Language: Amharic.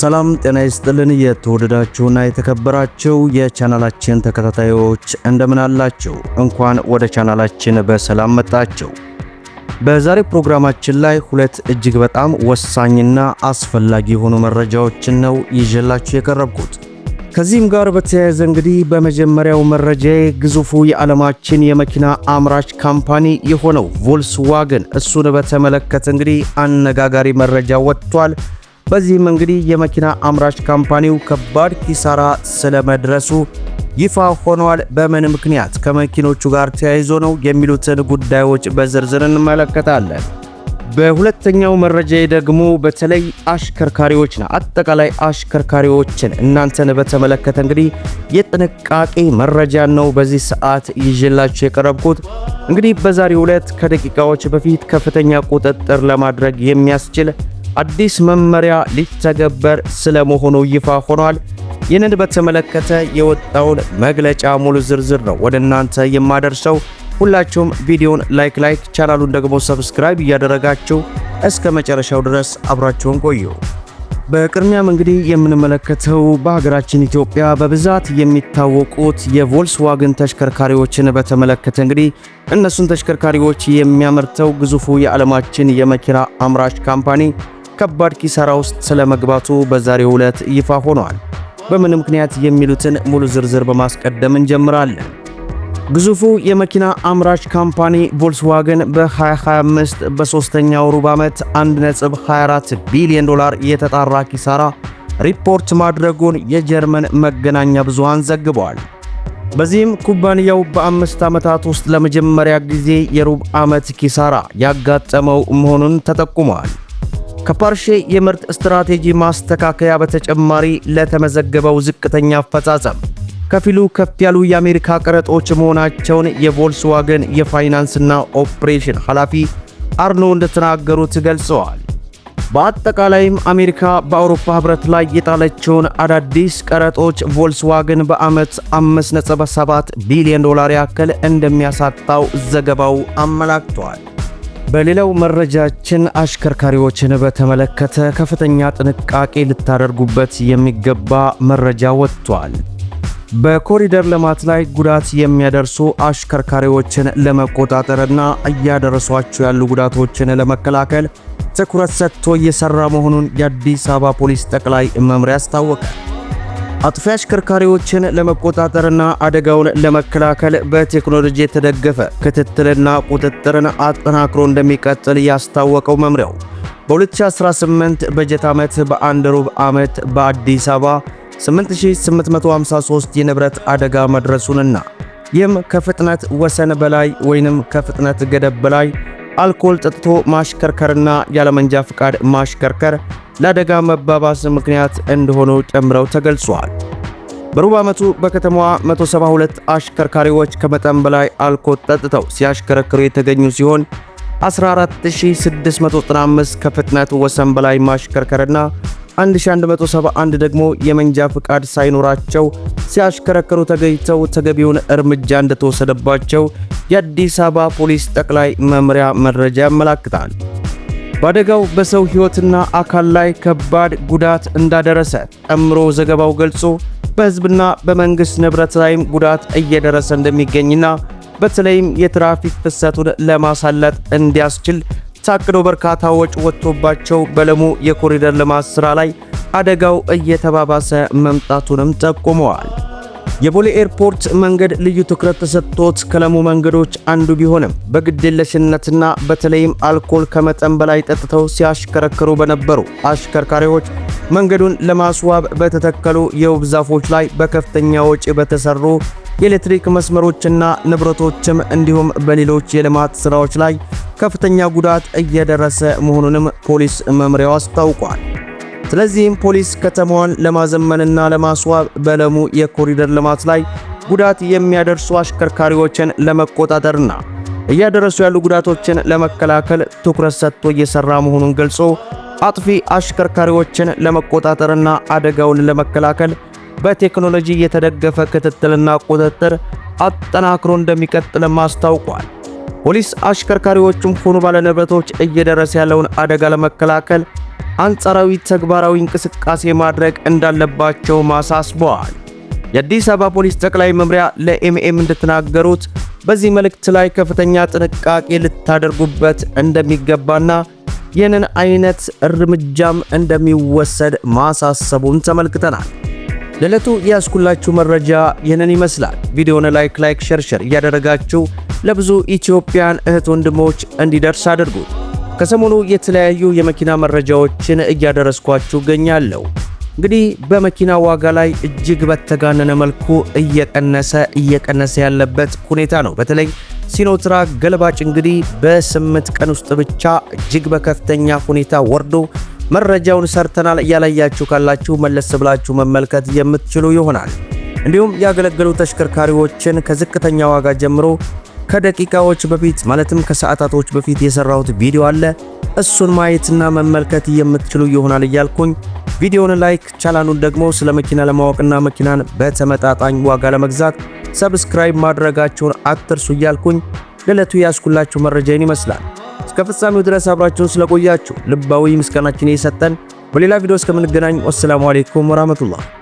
ሰላም ጤና ይስጥልን። የተወደዳችሁና የተከበራችሁ የቻናላችን ተከታታዮች እንደምን አላችሁ? እንኳን ወደ ቻናላችን በሰላም መጣችሁ። በዛሬ ፕሮግራማችን ላይ ሁለት እጅግ በጣም ወሳኝና አስፈላጊ የሆኑ መረጃዎችን ነው ይዤላችሁ የቀረብኩት። ከዚህም ጋር በተያያዘ እንግዲህ በመጀመሪያው መረጃ ግዙፉ የዓለማችን የመኪና አምራች ካምፓኒ የሆነው ቮልስዋገን እሱን በተመለከተ እንግዲህ አነጋጋሪ መረጃ ወጥቷል። በዚህም እንግዲህ የመኪና አምራች ካምፓኒው ከባድ ኪሳራ ስለመድረሱ ይፋ ሆኗል። በምን ምክንያት ከመኪኖቹ ጋር ተያይዞ ነው የሚሉትን ጉዳዮች በዝርዝር እንመለከታለን። በሁለተኛው መረጃ ደግሞ በተለይ አሽከርካሪዎችና አጠቃላይ አሽከርካሪዎችን እናንተን በተመለከተ እንግዲህ የጥንቃቄ መረጃ ነው በዚህ ሰዓት ይዤላችሁ የቀረብኩት። እንግዲህ በዛሬው ዕለት ከደቂቃዎች በፊት ከፍተኛ ቁጥጥር ለማድረግ የሚያስችል አዲስ መመሪያ ሊተገበር ስለመሆኑ ይፋ ሆኗል። ይህንን በተመለከተ የወጣውን መግለጫ ሙሉ ዝርዝር ነው ወደ እናንተ የማደርሰው። ሁላችሁም ቪዲዮን ላይክ ላይክ ቻናሉን ደግሞ ሰብስክራይብ እያደረጋችሁ እስከ መጨረሻው ድረስ አብራችሁን ቆዩ። በቅድሚያም እንግዲህ የምንመለከተው በሀገራችን ኢትዮጵያ በብዛት የሚታወቁት የቮልስዋግን ተሽከርካሪዎችን በተመለከተ እንግዲህ እነሱን ተሽከርካሪዎች የሚያመርተው ግዙፉ የዓለማችን የመኪና አምራች ካምፓኒ ከባድ ኪሳራ ውስጥ ስለመግባቱ በዛሬው ዕለት ይፋ ሆኗል። በምን ምክንያት የሚሉትን ሙሉ ዝርዝር በማስቀደም እንጀምራለን። ግዙፉ የመኪና አምራች ካምፓኒ ቮልስዋገን በ2025 በሦስተኛው ሩብ ዓመት 1.24 ቢሊዮን ዶላር የተጣራ ኪሳራ ሪፖርት ማድረጉን የጀርመን መገናኛ ብዙሃን ዘግበዋል። በዚህም ኩባንያው በአምስት ዓመታት ውስጥ ለመጀመሪያ ጊዜ የሩብ ዓመት ኪሳራ ያጋጠመው መሆኑን ተጠቁሟል። ከፓርሼ የምርት ስትራቴጂ ማስተካከያ በተጨማሪ ለተመዘገበው ዝቅተኛ አፈጻጸም ከፊሉ ከፍ ያሉ የአሜሪካ ቀረጦች መሆናቸውን የቮልስዋገን የፋይናንስና ኦፕሬሽን ኃላፊ አርኖ እንደተናገሩት ገልጸዋል። በአጠቃላይም አሜሪካ በአውሮፓ ህብረት ላይ የጣለችውን አዳዲስ ቀረጦች ቮልስዋገን በዓመት 5.7 ቢሊዮን ዶላር ያክል እንደሚያሳጣው ዘገባው አመላክቷል። በሌላው መረጃችን አሽከርካሪዎችን በተመለከተ ከፍተኛ ጥንቃቄ ልታደርጉበት የሚገባ መረጃ ወጥቷል። በኮሪደር ልማት ላይ ጉዳት የሚያደርሱ አሽከርካሪዎችን ለመቆጣጠርና እያደረሷቸው ያሉ ጉዳቶችን ለመከላከል ትኩረት ሰጥቶ እየሰራ መሆኑን የአዲስ አበባ ፖሊስ ጠቅላይ መምሪያ አስታወቀ። አጥፊ አሽከርካሪዎችን ለመቆጣጠርና አደጋውን ለመከላከል በቴክኖሎጂ የተደገፈ ክትትልና ቁጥጥርን አጠናክሮ እንደሚቀጥል ያስታወቀው መምሪያው በ2018 በጀት ዓመት በአንድ ሩብ ዓመት በአዲስ አበባ 8853 የንብረት አደጋ መድረሱንና ይህም ከፍጥነት ወሰን በላይ ወይንም ከፍጥነት ገደብ በላይ አልኮል ጠጥቶ ማሽከርከርና ያለመንጃ ፍቃድ ማሽከርከር ለአደጋ መባባስ ምክንያት እንደሆኑ ጨምረው ተገልጿል። በሩብ ዓመቱ በከተማዋ 172 አሽከርካሪዎች ከመጠን በላይ አልኮል ጠጥተው ሲያሽከረክሩ የተገኙ ሲሆን 14695 ከፍጥነት ወሰን በላይ ማሽከርከርና 1171 ደግሞ የመንጃ ፍቃድ ሳይኖራቸው ሲያሽከረክሩ ተገኝተው ተገቢውን እርምጃ እንደተወሰደባቸው የአዲስ አበባ ፖሊስ ጠቅላይ መምሪያ መረጃ ያመላክታል። በአደጋው በሰው ሕይወትና አካል ላይ ከባድ ጉዳት እንዳደረሰ ጨምሮ ዘገባው ገልጾ በሕዝብና በመንግሥት ንብረት ላይም ጉዳት እየደረሰ እንደሚገኝና በተለይም የትራፊክ ፍሰቱን ለማሳለጥ እንዲያስችል ታቅዶ በርካታ ወጪ ወጥቶባቸው በለሙ የኮሪደር ልማት ሥራ ላይ አደጋው እየተባባሰ መምጣቱንም ጠቁመዋል። የቦሌ ኤርፖርት መንገድ ልዩ ትኩረት ተሰጥቶት ከለሙ መንገዶች አንዱ ቢሆንም በግዴለሽነትና በተለይም አልኮል ከመጠን በላይ ጠጥተው ሲያሽከረክሩ በነበሩ አሽከርካሪዎች መንገዱን ለማስዋብ በተተከሉ የውብ ዛፎች ላይ በከፍተኛ ወጪ በተሰሩ የኤሌክትሪክ መስመሮችና ንብረቶችም እንዲሁም በሌሎች የልማት ስራዎች ላይ ከፍተኛ ጉዳት እየደረሰ መሆኑንም ፖሊስ መምሪያው አስታውቋል። ስለዚህም ፖሊስ ከተማዋን ለማዘመንና ለማስዋብ በለሙ የኮሪደር ልማት ላይ ጉዳት የሚያደርሱ አሽከርካሪዎችን ለመቆጣጠርና እያደረሱ ያሉ ጉዳቶችን ለመከላከል ትኩረት ሰጥቶ እየሰራ መሆኑን ገልጾ አጥፊ አሽከርካሪዎችን ለመቆጣጠርና አደጋውን ለመከላከል በቴክኖሎጂ የተደገፈ ክትትልና ቁጥጥር አጠናክሮ እንደሚቀጥልም አስታውቋል። ፖሊስ አሽከርካሪዎቹም ሆኑ ባለንብረቶች እየደረሰ ያለውን አደጋ ለመከላከል አንጻራዊ ተግባራዊ እንቅስቃሴ ማድረግ እንዳለባቸው ማሳስበዋል። የአዲስ አበባ ፖሊስ ጠቅላይ መምሪያ ለኤምኤም እንደተናገሩት በዚህ መልእክት ላይ ከፍተኛ ጥንቃቄ ልታደርጉበት እንደሚገባና ይህንን አይነት እርምጃም እንደሚወሰድ ማሳሰቡን ተመልክተናል። ለዕለቱ ያስኩላችሁ መረጃ ይህንን ይመስላል። ቪዲዮውን ላይክ ላይክ ሸርሸር እያደረጋችሁ ለብዙ ኢትዮጵያን እህት ወንድሞች እንዲደርስ አድርጉት። ከሰሞኑ የተለያዩ የመኪና መረጃዎችን እያደረስኳችሁ እገኛለሁ። እንግዲህ በመኪና ዋጋ ላይ እጅግ በተጋነነ መልኩ እየቀነሰ እየቀነሰ ያለበት ሁኔታ ነው። በተለይ ሲኖትራ ገልባጭ እንግዲህ በስምንት ቀን ውስጥ ብቻ እጅግ በከፍተኛ ሁኔታ ወርዶ መረጃውን ሰርተናል። እያላያችሁ ካላችሁ መለስ ብላችሁ መመልከት የምትችሉ ይሆናል። እንዲሁም ያገለገሉ ተሽከርካሪዎችን ከዝቅተኛ ዋጋ ጀምሮ ከደቂቃዎች በፊት ማለትም ከሰዓታቶች በፊት የሰራሁት ቪዲዮ አለ። እሱን ማየትና መመልከት የምትችሉ ይሆናል እያልኩኝ ቪዲዮውን ላይክ፣ ቻናሉን ደግሞ ስለ መኪና ለማወቅና መኪናን በተመጣጣኝ ዋጋ ለመግዛት ሰብስክራይብ ማድረጋችሁን አትርሱ እያልኩኝ ለዕለቱ ያስኩላችሁ መረጃን ይመስላል። እስከ ፍጻሜው ድረስ አብራችሁን ስለቆያችሁ ልባዊ ምስጋናችን እየሰጠን በሌላ ቪዲዮ እስከምንገናኝ ወሰላሙ አሌይኩም ወራህመቱላህ።